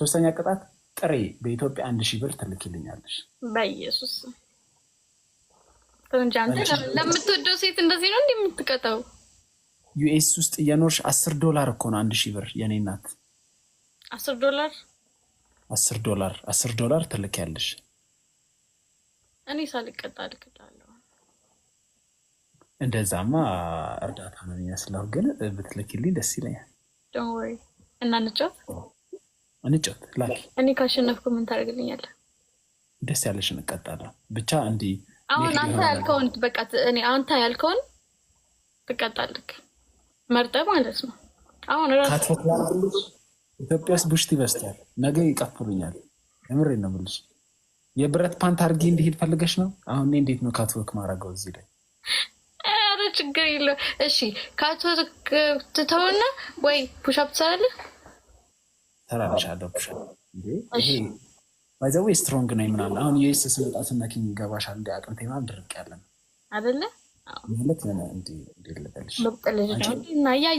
ሶስተኛ ቅጣት ጥሬ በኢትዮጵያ አንድ ሺህ ብር ትልክልኛለሽ። በኢየሱስ ለምትወደው ሴት እንደዚህ ነው እንዲህ የምትቀጠው? ዩኤስ ውስጥ እየኖርሽ አስር ዶላር እኮ ነው አንድ ሺህ ብር። የኔ ናት አስር ዶላር አስር ዶላር አስር ዶላር ትልኪያለሽ። እኔ ሳልቀጣ ልክላለሁ። እንደዛማ እርዳታ ነው የሚመስለው፣ ግን ብትልክልኝ ደስ ይለኛል። እና እንጫወት እንጫወት ላኪ። እኔ ካሸነፍኩ ምን ታደርግልኛለህ? ደስ ያለሽ እንቀጣለን። ብቻ እንዲህ አሁን አንተ ያልከውን በቃ እኔ አንተ ያልከውን ትቀጣልክ መርጠ ማለት ነው። አሁን ራሱ ኢትዮጵያ ውስጥ ቡሽት ይበስታል። ነገ ይቀፍሉኛል። የምሬ ነው የምልሽ። የብረት ፓንት አድርጌ እንዲሄድ ፈልገሽ ነው? አሁን እኔ እንዴት ነው ካትወክ ማድረገው እዚህ ላይ? ችግር የለውም። እሺ ካቶ ትተውና ወይ ፑሻፕ ትሰራለህ ተራራሻለሁ ባይዘዌ ስትሮንግ ነው ምናምን። አሁን ዩኤስ ስመጣ ስነኪ ገባሻል። እንደ አቅምቴ ምናምን ድርቅ ያለን ነው አደለ ማለት ነ እንዲ ልበልሽ እና እያየ